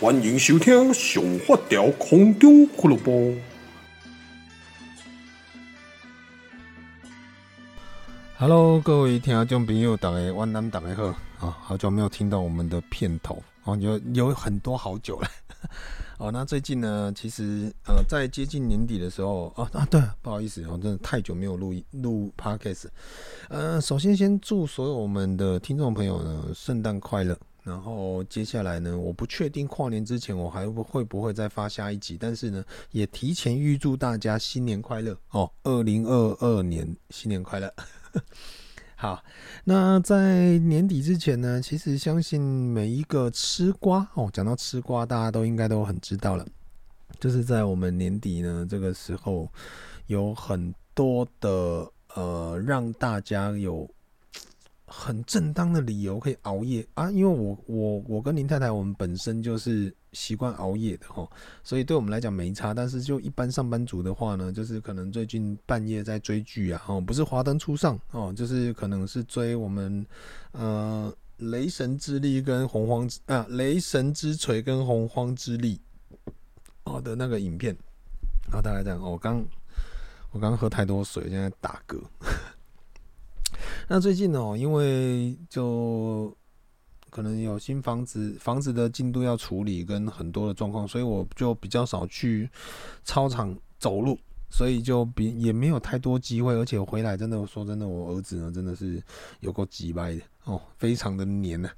歡迎收聽《上發條空中俱樂部》。Hello，各位聽眾朋友，大家晚安，大家好啊、哦！好久沒有聽到我們的片頭，哦，有有很多好久了。哦，那最近呢，其實呃，在接近年底的時候，哦啊，對，不好意思，我真的太久沒有錄錄 podcast。呃，首先先祝所有我們的聽眾朋友呢，聖誕快樂。然後接下來呢，我不確定跨年之前我還會不會再發下一集，但是呢，也提前預祝大家新年快樂哦！二零二二年新年快樂。 好，那在年底之前呢，其實相信每一個吃瓜哦，講到吃瓜，大家都應該都很知道了，就是在我們年底呢這個時候，有很多的呃，讓大家有。很正當的理由可以熬夜啊，因為我我我跟林太太我們本身就是習慣熬夜的哦。所以對我們來講沒差。但是就一般上班族的話呢，就是可能最近半夜在追劇啊，哦，不是華燈初上哦，就是可能是追我們呃《雷神之力》跟《洪荒》啊，《雷神之錘》跟《洪荒之力》哦的那個影片。然後大概這樣，我剛我剛喝太多水，現在打嗝。那最近呢、哦，因為就可能有新房子房子的進度要處理，跟很多的狀況，所以我就比較少去操場走路，所以就比也沒有太多機會。而且回來真的，我說真的，我兒子呢真的是有夠雞掰的哦，非常的黏，呐、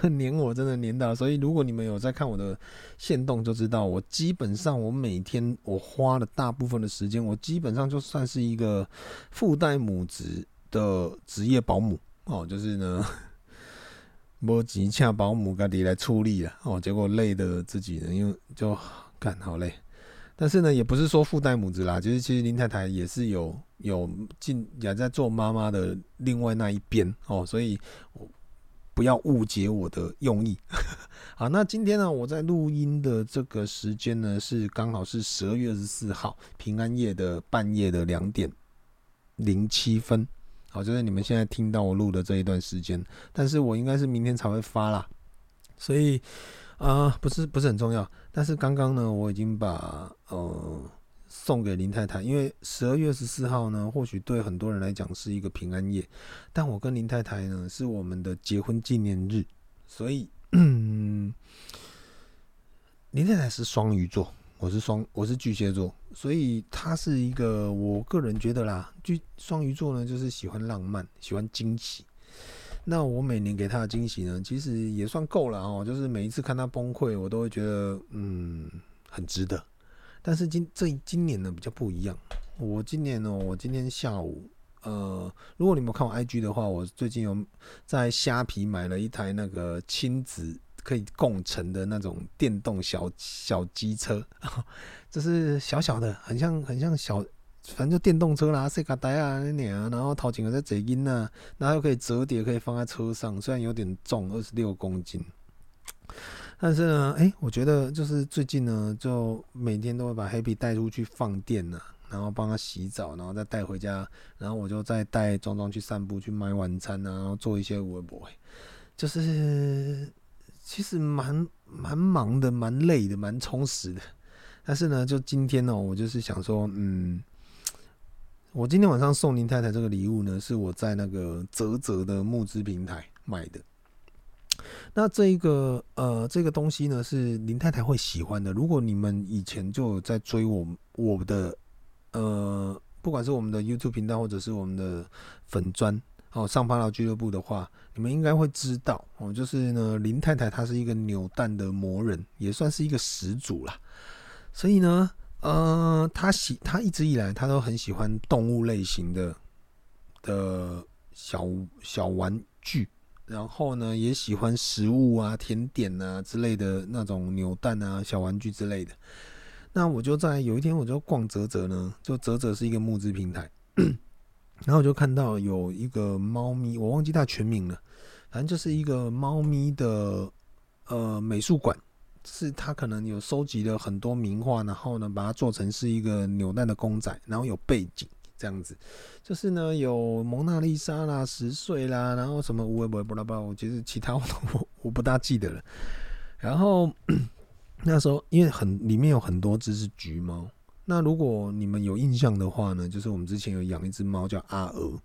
啊，黏我真的黏到。所以如果你們有在看我的限動，就知道我基本上我每天我花了大部分的時間，我基本上就算是一個父代母職的職業保姆哦，就是呢，摸幾下保姆家底來處理啊哦，結果累的自己呢，又就乾好累。但是呢，也不是說父代母職啦，就是其實林太太也是有有進也在做媽媽的另外那一邊哦，所以我不要誤解我的用意啊。那今天呢，我在錄音的這個時間呢，是剛好是十二月二十四號平安夜的半夜的兩點零七分。好，就是你們現在聽到我錄的這一段時間，但是我應該是明天才會發啦，所以，啊、呃，不是不是很重要。但是剛剛呢，我已經把呃送給林太太，因為十二月十四號呢，或許對很多人來講是一個平安夜，但我跟林太太呢是我們的結婚紀念日，所以， 林太太是雙魚座。我是雙，我是巨蟹座，所以他是一個，我個人覺得啦，巨雙魚座呢，就是喜歡浪漫，喜歡驚喜。那我每年給他的驚喜呢，其實也算夠了哦，就是每一次看他崩潰，我都會覺得，嗯，很值得。但是今這今年呢，比較不一樣。我今年呢、喔，我今天下午，呃，如果你們看我 IG 的話，我最近有在蝦皮買了一台那個親子。可以共乘的那種電動小小機車，就是小小的，很像很像小。反正就電動車啦，Segway 啊那類啊，然後頭前有在座椅啊，然後又可以折疊，可以放在車上，雖然有點重，二十六公斤，但是呢，哎、欸，我覺得就是最近呢，就每天都會把 Happy 帶出去放電啊，然後幫他洗澡，然後再帶回家，然後我就再帶壯壯去散步、去買晚餐啊，然後做一些微博就是。其實蠻蠻忙的，蠻累的，蠻充實的。但是呢，就今天呢、喔，我就是想說，嗯，我今天晚上送林太太這個禮物呢，是我在那個澤澤的募資平台買的。那這一個呃，這個東西呢，是林太太會喜歡的。如果你們以前就有在追我，我的呃，不管是我們的 YouTube 頻道，或者是我們的粉專。哦，上發條俱樂部的話，你們應該會知道哦。就是呢，林太太她是一個扭蛋的魔人，也算是一個始祖啦。所以呢，呃，她喜她一直以來她都很喜歡動物類型的的小小玩具，然後呢，也喜歡食物啊、甜點啊之類的那種扭蛋啊、小玩具之類的。那我就在有一天，我就逛嘖嘖呢，就嘖嘖是一個募資平台。 然後我就看到有一個貓咪，我忘記它全名了，反正就是一個貓咪的呃美術館，是它可能有收集了很多名畫，然後呢把它做成是一個扭蛋的公仔，然後有背景這樣子，就是呢有蒙娜麗莎啦、十歲啦，然後什麼烏龜不拉不拉，我其實其他我都我我不大記得了。然後那時候因為很裡面有很多只是橘貓。那如果你們有印象的話呢，就是我們之前有養一隻貓叫阿爾，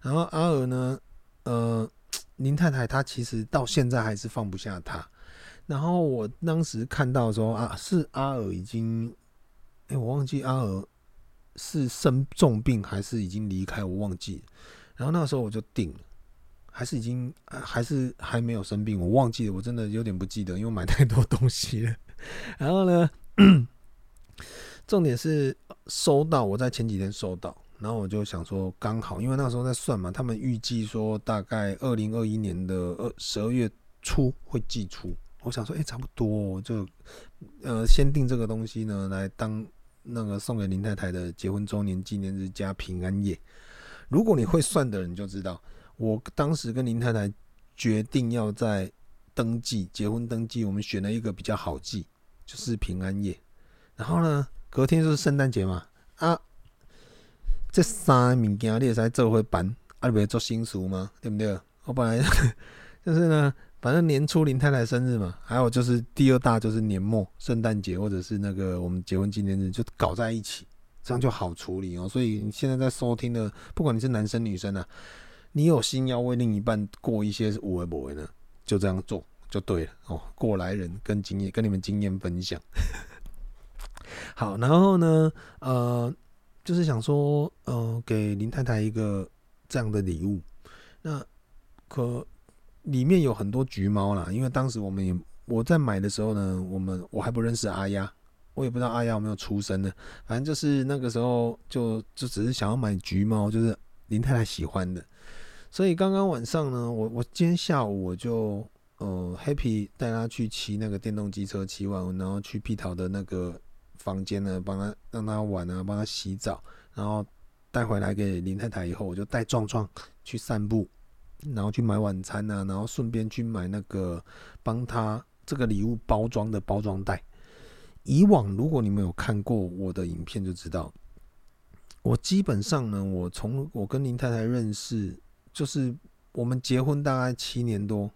然後阿爾呢，呃，林太太她其實到現在還是放不下她。然後我當時看到說啊，是阿爾已經，哎，我忘記阿爾是生重病還是已經離開，我忘記了。然後那個時候我就定了，還是已經還是還沒有生病，我忘記了，我真的有點不記得，因為買太多東西了。然後呢？ 重點是收到，我在前幾天收到，然後我就想說，剛好，因為那時候在算嘛，他們預計說大概二零二一年的十二月初會寄出。我想說，欸，差不多，就呃，先訂這個東西呢，來當那個送給林太太的結婚周年紀念日加平安夜。如果你會算的人就知道，我當時跟林太太決定要在登記結婚登記，我們選了一個比較好記，就是平安夜。然後呢？隔天就是聖誕節嘛，啊，這三個物件你會使做花瓶，啊，袂做新書嗎？對不對？我、哦、本來呵呵就是呢，反正年初林太太生日嘛，還有就是第二大就是年末聖誕節，或者是那個我們結婚紀念日，就搞在一起，這樣就好處理哦。所以你現在在收聽的，不管你是男生女生啊，你有心要為另一半過一些無為不為呢，就這樣做就對了哦。過來人跟經驗跟你們經驗分享。好，然後呢，呃，就是想說，呃，給林太太一個這樣的禮物，那可裡面有很多橘貓啦，因為當時我們也我在買的時候呢，我們我還不認識阿丫，我也不知道阿丫有沒有出生呢，反正就是那個時候就就只是想要買橘貓，就是林太太喜歡的，所以剛剛晚上呢，我我今天下午我就，呃，Happy 帶她去騎那個電動機車，騎完然後去碧桃的那個。房間呢，幫他讓他玩啊，幫他洗澡，然後帶回來給林太太以後，我就帶壯壯去散步，然後去買晚餐啊，然後順便去買那個幫他這個禮物包裝的包裝袋。以往如果你們有看過我的影片，就知道我基本上呢，我從我跟林太太認識，就是我們結婚大概七年多，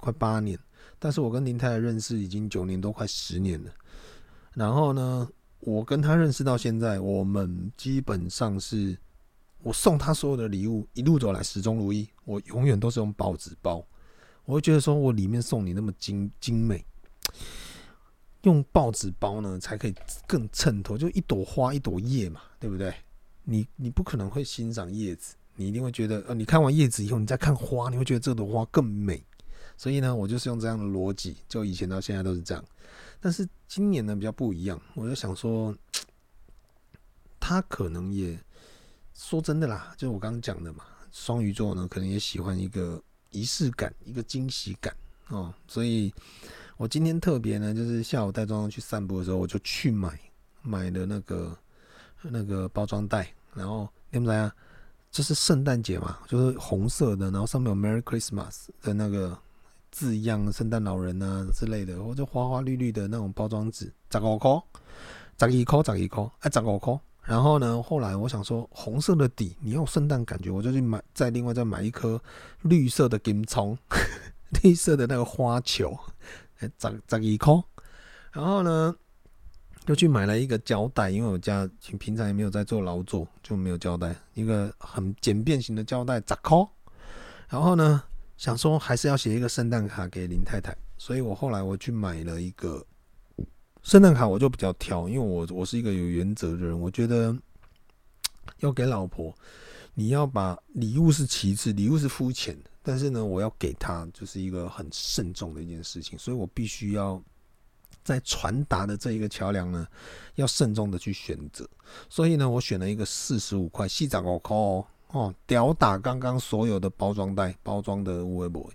快八年，但是我跟林太太認識已經九年多，都快十年了。然後呢，我跟他認識到現在，我們基本上是我送他所有的禮物，一路走來始終如一。我永遠都是用報紙包，我會覺得說我裡面送你那麼精精美，用報紙包呢才可以更襯托，就一朵花一朵葉嘛，對不對？你你不可能會欣賞葉子，你一定會覺得呃，你看完葉子以後，你再看花，你會覺得這朵花更美。所以呢，我就是用這樣的邏輯，就以前到現在都是這樣。但是今年呢比較不一樣，我就想說，他可能也說真的啦，就是我剛剛講的嘛，雙魚座呢可能也喜歡一個儀式感，一個驚喜感哦，所以我今天特別呢，就是下午帶妝去散步的時候，我就去買買了那個那個包裝袋，然後你們來啊，這是聖誕節嘛，就是紅色的，然後上面有 Merry Christmas 的那個。字樣、聖誕老人啊之類的，或者花花綠綠的那種包裝紙，十五顆，十一顆，十一顆，啊十五顆。然後呢，後來我想說，紅色的底，你有聖誕感覺，我就去買，再另外再買一顆綠色的金蔥， 綠色的那個花球，誒十十一顆。然後呢，又去買了一個膠帶，因為我家平常也沒有在做勞作，就沒有膠帶，一個很簡便型的膠帶，十塊。然後呢，想說還是要寫一個聖誕卡給林太太，所以我後來我去買了一個聖誕卡，我就比較挑，因為我我是一個有原則的人，我覺得要給老婆，你要把禮物是其次，禮物是膚淺，但是呢，我要給她就是一個很慎重的一件事情，所以我必須要在傳達的這一個橋樑呢，要慎重的去選擇，所以呢，我選了一個四十五塊細長哦。哦，屌打剛剛所有的包裝袋，包裝的微博，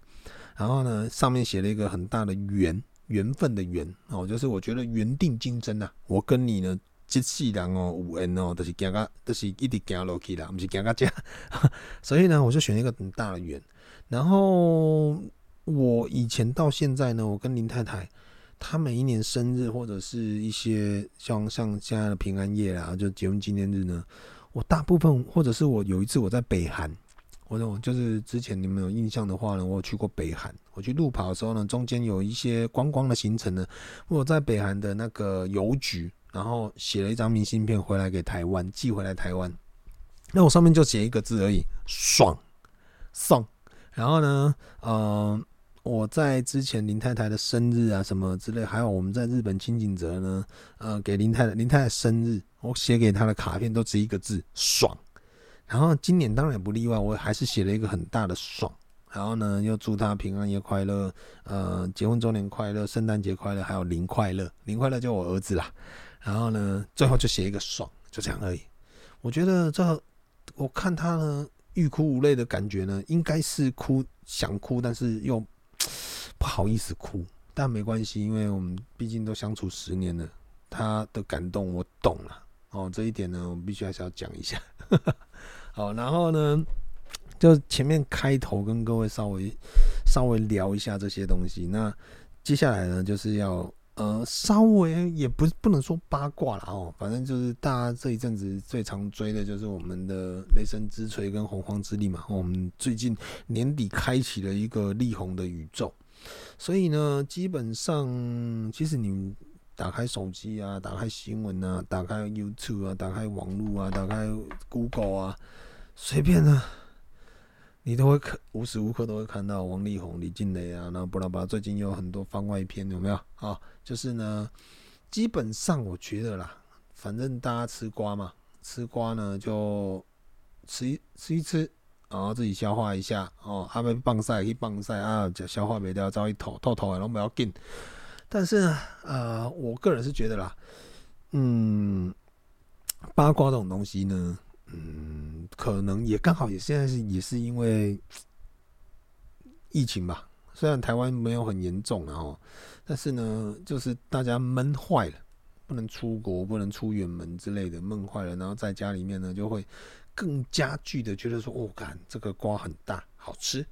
然後呢，上面寫了一個很大的緣，緣分的緣，哦，就是我覺得緣定今生吶，我跟你呢，這世人哦五 n 哦，都、就是加加，都、就是一直加落去啦，不是更加這 所以呢，我就選一個很大的緣，然後我以前到現在呢，我跟林太太，她每一年生日或者是一些像像現在的平安夜啊，就結婚紀念日呢。我大部分，或者是我有一次我在北韓，我我就是之前你們有印象的話呢，我有去過北韓，我去路跑的時候呢，中間有一些觀光光的行程呢，我在北韓的那個郵局，然後寫了一張明信片回來給台灣，寄回來台灣，那我上面就寫一個字而已，爽，爽。然後呢，嗯。我在之前林太太的生日啊，什麼之類，還有我們在日本輕井澤呢，呃，給林太太林太太生日，我寫給她的卡片都只一個字，爽。然後今年當然也不例外，我還是寫了一個很大的爽。然後呢，又祝她平安夜快樂，呃，結婚週年快樂，聖誕節快樂，還有林快樂，林快樂就我兒子啦。然後呢，最後就寫一個爽，就這樣而已。我覺得這，我看她呢欲哭無淚的感覺呢，應該是哭，想哭，但是又好意思哭，但沒關係，因為我們畢竟都相處十年了。他的感動我懂了、啊、哦，這一點呢，我們必須還是要講一下。 好，然後呢，就前面開頭跟各位稍微稍微聊一下這些東西。那接下來呢，就是要呃，稍微也不不能說八卦了哦，反正就是大家這一陣子最常追的就是我們的《雷神之錘》跟《洪荒之力》嘛、哦。我們最近年底開啟了一個力宏的宇宙。所以呢，基本上其實你打開手機啊，打開新聞啊，打開 YouTube 啊，打開網絡啊，打開 Google 啊，隨便呢，你都會看，無時無刻都會看到王力宏、李靚蕾啊，那巴拉巴拉，最近有很多番外篇，有沒有啊？就是呢，基本上我覺得啦，反正大家吃瓜嘛，吃瓜呢就吃一，吃一吃。然後自己消化一下哦，阿妹放曬一放曬，放曬啊，就消化袂掉，再一吐吐吐，然後不要緊。但是呢，呃，我個人是覺得啦，嗯，八卦這種東西呢，嗯，可能也剛好也現在是也是因為疫情吧，雖然台灣沒有很嚴重哦，但是呢，就是大家悶壞了，不能出國，不能出遠門之類的，悶壞了，然後在家裡面呢就會。更加劇的覺得說，我、哦、感這個瓜很大，好吃，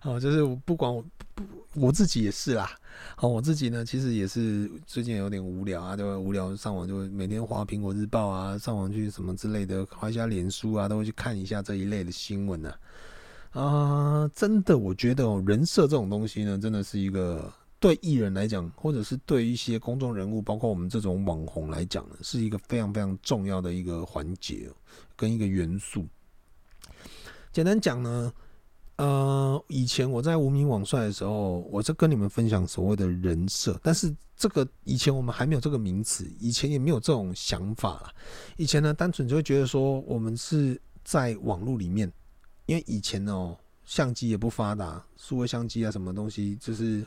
啊， 就是不管我不我自己也是啦，啊、哦，我自己呢其實也是最近有點無聊啊，就會無聊上網，就會每天劃蘋果日報啊，上網去什麼之類的，劃一下臉書啊，都會去看一下這一類的新聞呢、啊，啊、呃，真的，我覺得哦，人設這種東西呢，真的是一個。對藝人來講，或者是對一些公眾人物，包括我們這種網紅來講呢，是一個非常非常重要的一個環節跟一個元素。簡單講呢，呃，以前我在無名網帥的時候，我就跟你們分享所謂的人設，但是這個以前我們還沒有這個名詞，以前也沒有這種想法。以前呢，單純就會覺得說，我們是在網絡裡面，因為以前哦、喔，相機也不發達，數位相機啊，什麼東西就是。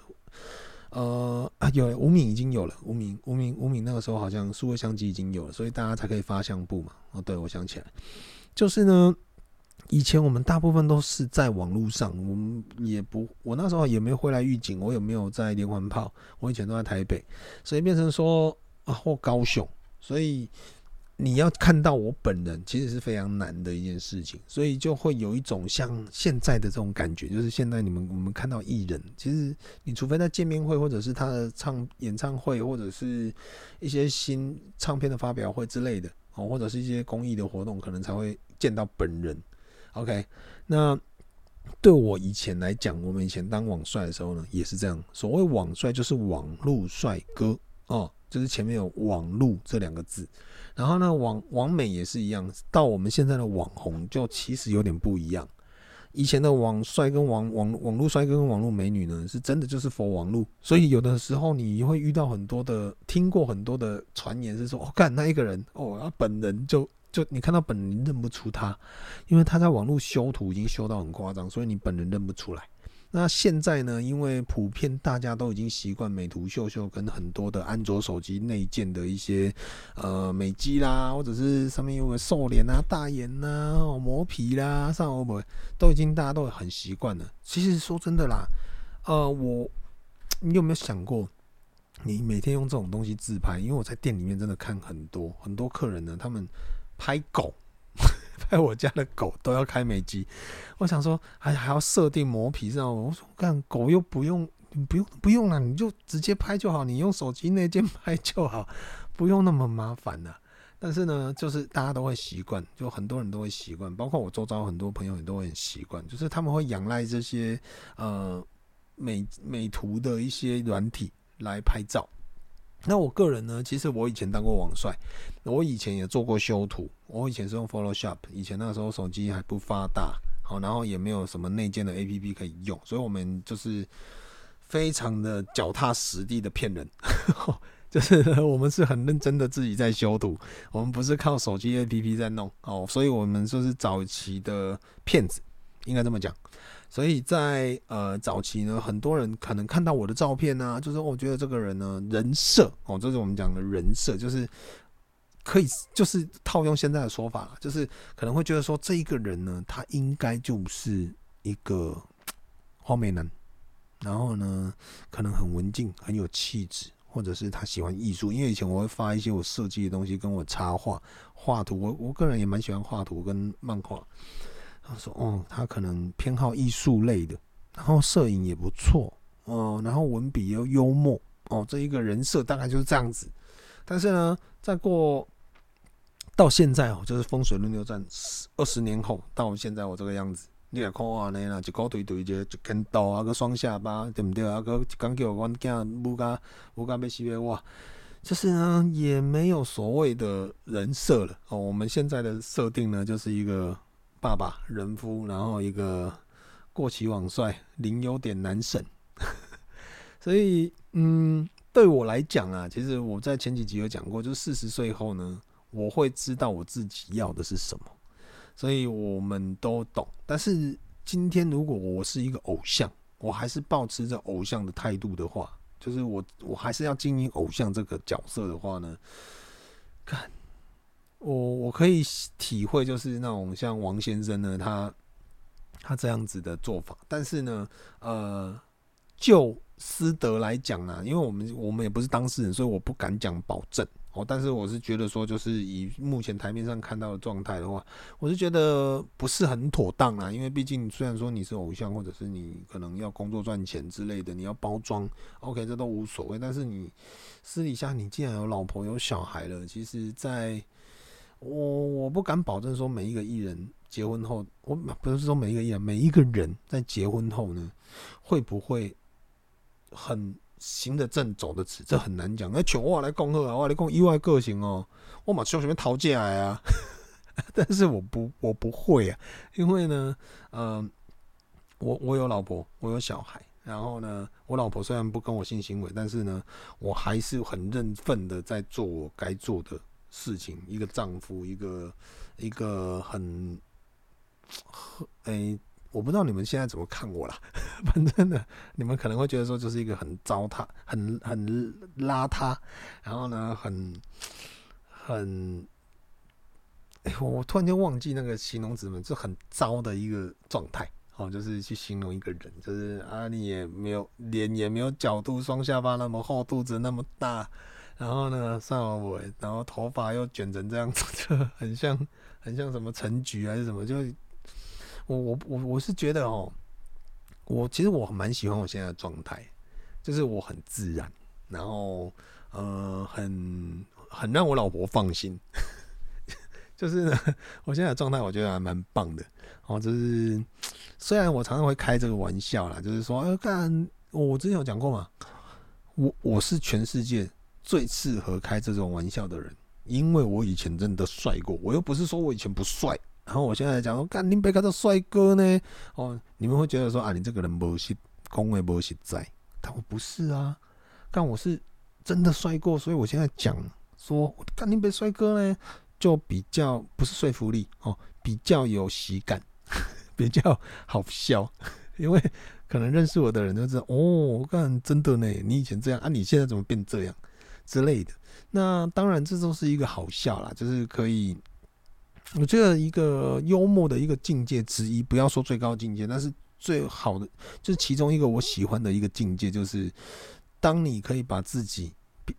呃，啊、有無名已經有了，無名無名無名那個時候好像數位相機已經有了，所以大家才可以發相簿嘛。哦，對我想起來，就是呢，以前我們大部分都是在網絡上，我們也不，我那時候也沒回來預警，我也沒有在連環炮，我以前都在台北，所以變成說啊或高雄，所以。你要看到我本人，其實是非常難的一件事情，所以就會有一種像現在的這種感覺，就是現在你們我們看到藝人，其實你除非在見面會或者是他的唱演唱會或者是一些新唱片的發表會之類的哦，或者是一些公益的活動，可能才會見到本人。OK，那對我以前來講，我們以前當網帥的時候呢，也是這樣。所謂網帥，就是網絡帥哥哦，就是前面有“網絡”這兩個字。然後呢，網網美也是一樣，到我們現在的網紅，就其實有點不一樣。以前的網帥跟網網網絡帥哥跟網絡美女呢，是真的就是佛網路，所以有的時候你會遇到很多的，聽過很多的傳言是說，我、哦、幹那一個人哦，他本人就就你看到本人認不出他，因為他在網絡修圖已經修到很誇張，所以你本人認不出來。那現在呢？因為普遍大家都已經習慣美圖秀秀跟很多的安卓手機內建的一些呃美肌啦，或者是上面有個瘦臉啊、大眼呐、啊、磨皮啦，上歐不都已經大家都很習慣了。其實說真的啦，呃，我你有沒有想過，你每天用這種東西自拍？因為我在店裡面真的看很多很多客人呢，他們拍狗。拍我家的狗都要開美機，我想說還還要設定磨皮這樣，我說幹，狗又不用不用不用了，你就直接拍就好，你用手機內建拍就好，不用那麼麻煩了。但是呢，就是大家都會習慣，就很多人都會習慣，包括我周遭很多朋友也都很習慣，就是他們會仰賴這些呃美美圖的一些軟體來拍照。那我個人呢，其實我以前當過網帥，我以前也做過修圖，我以前是用 Photoshop，以前那時候手機還不發達，好，然後也沒有什麼內建的 APP 可以用，所以我們就是非常的腳踏實地的騙人， 就是我們是很認真的自己在修圖，我們不是靠手機 APP 在弄哦，所以我們就是早期的騙子，應該這麼講。所以在呃早期呢，很多人可能看到我的照片呢、啊，就是、哦、我覺得這個人呢，人設哦，這是我們講的人設，就是可以就是套用現在的說法，就是可能會覺得說這一個人呢，他應該就是一個花美男，然後呢，可能很文靜，很有氣質，或者是他喜歡藝術，因為以前我會發一些我設計的東西，跟我插畫、畫圖，我我個人也蠻喜歡畫圖跟漫畫。他說：“哦、嗯，他可能偏好藝術類的，然後攝影也不錯，哦、嗯，然後文筆又幽默，哦，這一個人設大概就是這樣子。但是呢，再過到現在哦，就是風水輪流轉，二十年後到我們現在我這個樣子，你看我呢、啊，一個頹頹，一個一根刀啊，個雙下巴對不對啊？個剛叫我講，烏咖烏咖咩西咩哇，就是呢也沒有所謂的人設了。哦，我們現在的設定呢，就是一個。”爸爸，人夫，然後一個過期，網帥，零有點難審， 所以嗯，對我來講啊，其實我在前幾集有講過，就是四十歲後呢，我會知道我自己要的是什麼，所以我們都懂。但是今天如果我是一個偶像，我還是保持着偶像的態度的話，就是我我還是要經營偶像這個角色的話呢，看我我可以體會，就是那種像王先生呢，他他這樣子的做法，但是呢，呃，就私德來講啦，因為我們我們也不是當事人，所以我不敢講保證哦。但是我是覺得說，就是以目前台面上看到的狀態的話，我是覺得不是很妥當啊。因為畢竟雖然說你是偶像，或者是你可能要工作賺錢之類的，你要包裝，OK，這都無所謂。但是你私底下你既然有老婆有小孩了，其實，在我我不敢保證說每一個藝人結婚後，我不是說每一個藝人，每一個人在結婚後呢，會不會很行得正走得直，這很難講。哎、欸，全我來恭賀啊，我來講意外個性哦、喔，我馬上從前逃進來啊呵呵。但是我不我不會啊，因為呢，嗯、呃，我我有老婆，我有小孩，然後呢，我老婆雖然不跟我性行為，但是呢，我還是很認分的在做我該做的。事情，一個丈夫，一個一個很很哎、欸，我不知道你們現在怎麼看我啦，反正呢，你們可能會覺得說，就是一個很糟蹋、很很邋遢，然後呢，很很哎、欸，我突然間忘記那個形容詞了，就很糟的一個狀態。好、哦，就是去形容一個人，就是啊，你也沒有臉，也沒有角度，雙下巴那麼厚，肚子那麼大。然後呢，上完我，然後頭髮又捲成這樣子，就很像很像什麼陳菊，還是什麼？就我我我我是覺得哦，我其實我蠻喜歡我現在的狀態，就是我很自然，然後呃很很讓我老婆放心，就是呢，我現在的狀態，我覺得還蠻棒的哦。就是雖然我常常會開這個玩笑啦，就是說，哎，但，我之前有講過嘛，我我是全世界。最適合開這種玩笑的人，因為我以前真的帥過，我又不是說我以前不帥。然後我現在講說，幹林北看，這帥哥呢，哦，你們會覺得說啊，你這個人不是講話不實在，但我不是啊，但我是真的帥過，所以我現在講說，幹林北帥哥呢，就比較不是說服力哦，比較有喜感，比較好笑，因為可能認識我的人都知道，哦，我幹真的呢，你以前這樣啊，你現在怎麼變這樣？之類的，那當然，這都是一個好笑啦，就是可以，我覺得一個幽默的一個境界之一，不要說最高境界，但是最好的就是其中一個我喜歡的一個境界，就是當你可以把自己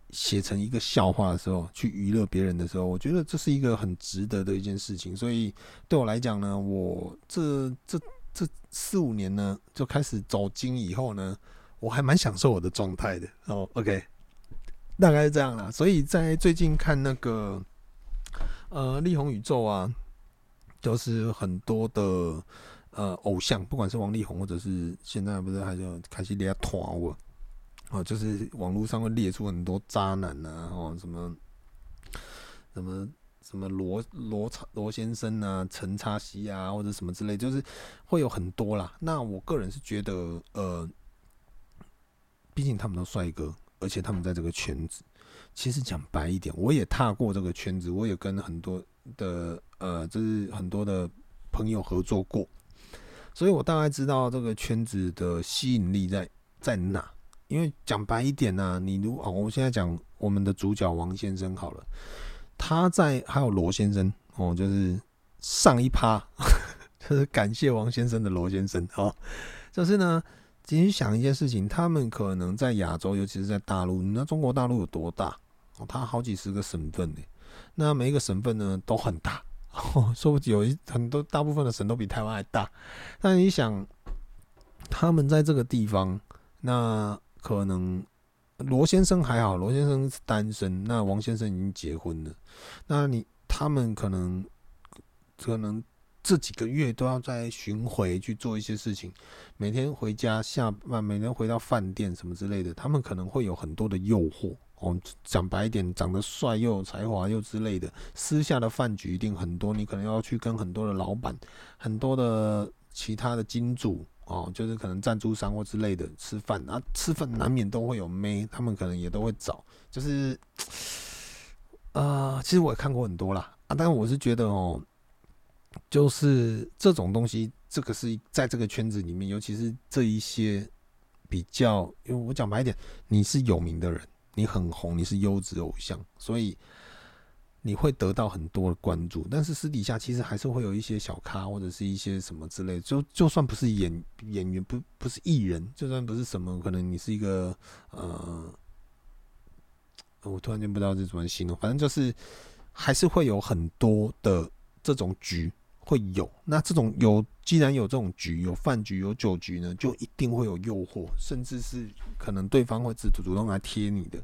寫成一個笑話的時候，去娛樂別人的時候，我覺得這是一個很值得的一件事情。所以對我來講呢，我這這這四五年呢，就開始走精以後呢，我還蠻享受我的狀態的。哦，oh，OK。大概是這樣啦，所以在最近看那個呃，力宏宇宙啊，就是很多的呃偶像，不管是王力宏，或者是現在不是，還是開始列團啊，哦、呃，就是網絡上會列出很多渣男吶、啊，哦，什麼什麼什麼羅羅羅先生吶、啊，陳插西啊，或者什麼之類，就是會有很多啦。那我個人是覺得，呃，畢竟他們都帥哥。而且他們在這個圈子，其實講白一點，我也踏過這個圈子，我也跟很多的呃，就是很多的朋友合作過，所以我大概知道這個圈子的吸引力在在哪。因為講白一點呢、啊，你如哦，我們現在講我們的主角王先生好了，他在還有羅先生哦，就是上一趴，就是感謝王先生的羅先生哦，就是呢。其實想一件事情，他們可能在亞洲，尤其是在大陸。你知道中國大陸有多大？哦，它好幾十個省份呢。那每一個省份呢都很大，哦，說不有一很多大部分的省都比台灣還大。那你想，他們在這個地方，那可能羅先生還好，羅先生是單身。那王先生已經結婚了。那你他們可能可能。這幾個月都要在巡迴去做一些事情，每天回家下班，每天回到飯店什麼之類的，他們可能會有很多的誘惑。哦，講白一點，長得帥又有才華又之類的，私下的飯局一定很多。你可能要去跟很多的老闆、很多的其他的金主哦，就是可能贊助商或之類的吃飯啊，吃飯難免都會有妹，他們可能也都會找。就是，啊、呃，其實我也看過很多啦，啊，但是我是覺得哦。就是這種東西，這個是在這個圈子裡面，尤其是這一些比較，因為我講白一點，你是有名的人，你很紅，你是優質偶像，所以你會得到很多的關注。但是私底下其實還是會有一些小咖或者是一些什麼之類，就就算不是演演員，不不是藝人，就算不是什麼，可能你是一個呃，我突然間不知道這怎麼形容，反正就是還是會有很多的。這種局會有，那這種有，既然有這種局，有飯局，有酒局呢，就一定會有誘惑，甚至是可能對方會自主主動來貼你的，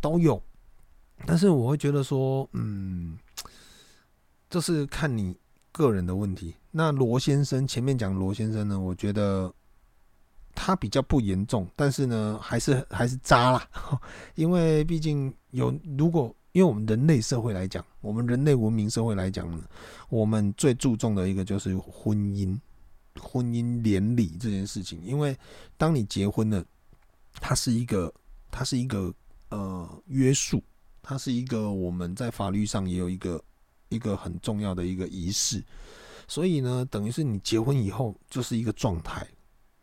都有。但是我會覺得說，嗯，這是看你個人的問題。那羅先生前面講羅先生呢，我覺得他比較不嚴重，但是呢，還是還是渣啦， 因為畢竟有如果。因為我們人類社會來講，我們人類文明社會來講呢，我們最注重的一個就是婚姻、婚姻、典禮這件事情。因為當你結婚了，它是一個，它是一個呃約束，它是一個我們在法律上也有一個一個很重要的一個儀式。所以呢，等於是你結婚以後就是一個狀態。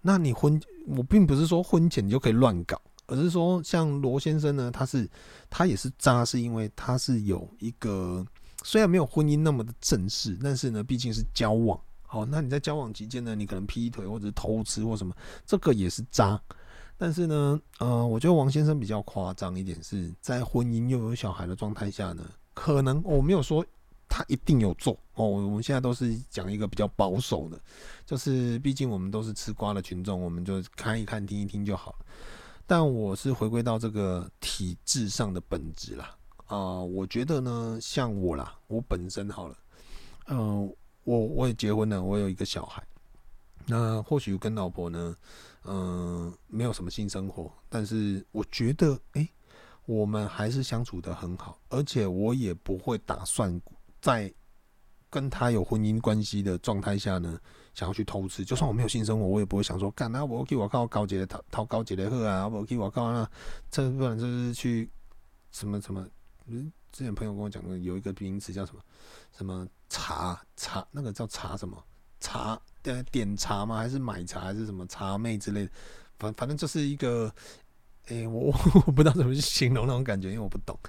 那你婚，我並不是說婚前就可以亂搞。而是說，像羅先生呢，他是他也是渣，是因為他是有一個雖然沒有婚姻那麼的正式，但是呢，畢竟是交往。好，那你在交往期間呢，你可能劈腿，或者是偷吃，或什麼，這個也是渣。但是呢，呃，我覺得王先生比較誇張一點，是在婚姻又有小孩的狀態下呢，可能我沒有說他一定有做哦。我們現在都是講一個比較保守的，就是畢竟我們都是吃瓜的群眾，我們就看一看，聽一聽就好。但我是回歸到這個體制上的本質啦，啊，我覺得呢，像我啦，我本身好了，嗯，我我也結婚了，我有一個小孩，那或許跟老婆呢，嗯，沒有什麼性生活，但是我覺得，誒，我們還是相處得很好，而且我也不會打算在跟他有婚姻關係的狀態下呢。想要去偷吃，就算我沒有性生活，我也不會想說幹。那我給我靠高潔的討討高潔的喝啊，我給、啊啊、我靠那、啊、這不、個、然就是去什麼什麼。之前朋友跟我講過，有一個名詞叫什麼什麼茶茶，那個叫茶什麼茶呃點茶嗎？還是買茶還是什麼茶妹之類的？反反正就是一個，哎、欸，我我，我不知道怎麼去形容那種感覺，因為我不懂。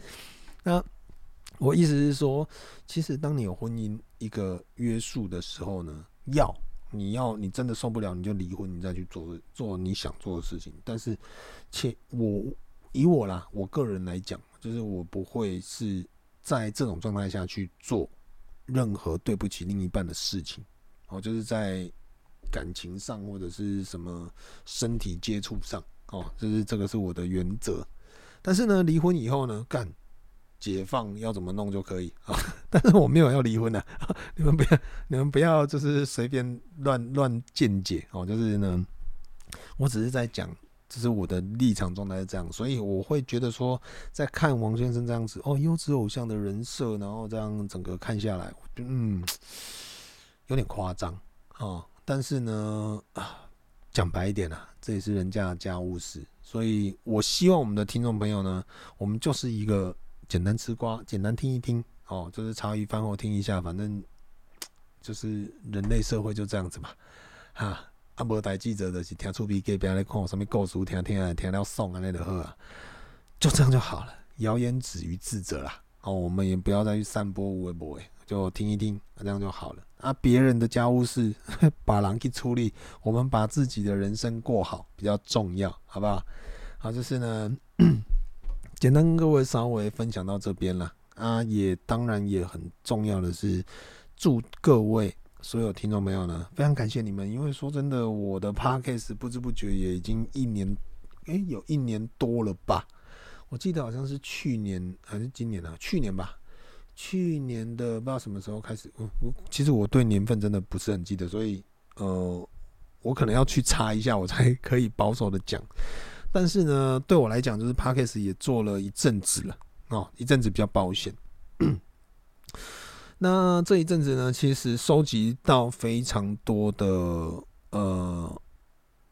那我意思是說，其實當你有婚姻一個約束的時候呢，要。你要你真的受不了，你就離婚，你再去做做你想做的事情。但是，且我以我啦，我個人來講，就是我不會是在這種狀態下去做任何對不起另一半的事情。哦，就是在感情上或者是什麼身體接觸上，哦，就是這個是我的原則。但是呢，離婚以後呢，幹。解放要怎麼弄就可以啊。哦，但是我沒有要離婚啊，你們不要，你們不要就是隨便亂亂見解哦，就是呢，我只是在講，這、就是我的立場狀態是這樣，所以我會覺得說，在看王先生這樣子哦，優質偶像的人設，然後這樣整個看下來，嗯，有點誇張哦，但是呢，啊，講白一點啊，這也是人家的家務事，所以我希望我們的聽眾朋友呢，我們就是一個。簡單吃瓜，簡單聽一聽哦，就是茶餘飯後聽一下，反正就是人類社會就這樣子嘛，啊，阿摩代記者的是聽出皮給別人看，上面夠熟，聽聽聽了送啊那就好，就這樣就好了。謠言止於智者啦，哦，我們也不要再去散播，無為無為，就聽一聽，那、啊、這樣就好了。啊，別人的家務事呵呵，把人去處理，我們把自己的人生過好比較重要，好不好？好、啊，就是呢。 簡單跟各位稍微分享到這邊了啊，也當然也很重要的是，祝各位所有聽眾朋友呢，非常感謝你們。因為說真的，我的 podcast 不知不覺也已經一年，誒，有一年多了吧？我記得好像是去年還是今年呢、啊？去年吧？去年的不知道什麼時候開始，我我其實我對年份真的不是很記得，所以呃，我可能要去查一下，我才可以保守的講。但是呢，對我來講，就是 Podcast 也做了一陣子了哦，一陣子比較保險、嗯。那這一陣子呢，其實收集到非常多的呃，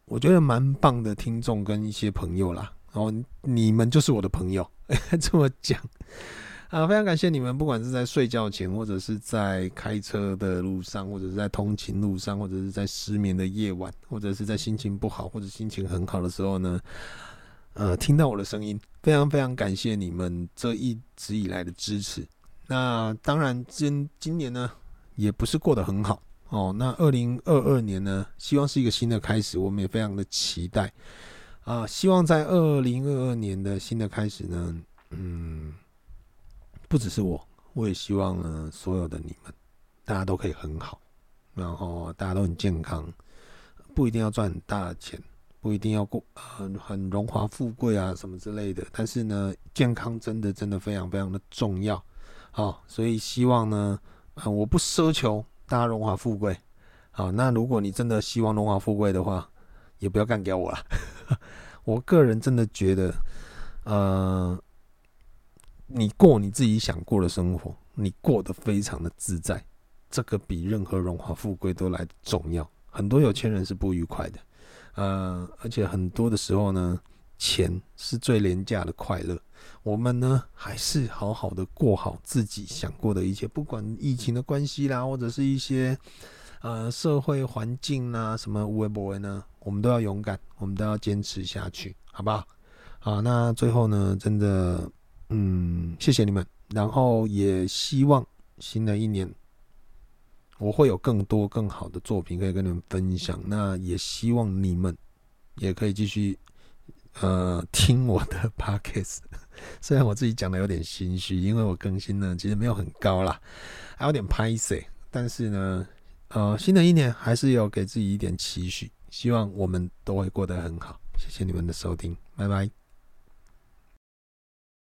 我覺得蠻棒的聽眾跟一些朋友啦，然、哦、後你們就是我的朋友，欸、這麼講。啊、呃，非常感謝你們，不管是在睡覺前，或者是在開車的路上，或者是在通勤路上，或者是在失眠的夜晚，或者是在心情不好或者心情很好的時候呢，呃，聽到我的聲音，非常非常感謝你們這一直以來的支持。那當然，今今年呢，也不是過得很好哦。那二零二二年呢，希望是一個新的開始，我們也非常的期待啊、呃。希望在二零二二年的新的開始呢，嗯。不只是我，我也希望呢，所有的你們，大家都可以很好，然後大家都很健康，不一定要賺很大的錢，不一定要過呃很榮華富貴啊什麼之類的。但是呢，健康真的真的非常非常的重要。好，所以希望呢，呃，我不奢求大家榮華富貴，好，那如果你真的希望榮華富貴的話，也不要幹掉我了。 我個人真的覺得，呃。你過你自己想過的生活，你過得非常的自在，這個比任何榮華富貴都來得重要。很多有錢人是不愉快的，呃，而且很多的時候呢，錢是最廉價的快樂。我們呢，還是好好的過好自己想過的一切，不管疫情的關係啦，或者是一些呃社會環境啊什麼無為不為呢，我們都要勇敢，我們都要堅持下去，好不好？好，那最後呢，真的。嗯，謝謝你們。然後也希望新的一年，我會有更多更好的作品可以跟你們分享。那也希望你們也可以繼續呃聽我的 podcast。雖然我自己講的有點心虛，因為我更新呢其實沒有很高啦，還有點拍謝，但是呢，呃，新的一年還是要給自己一點期許，希望我們都會過得很好。謝謝你們的收聽，拜拜。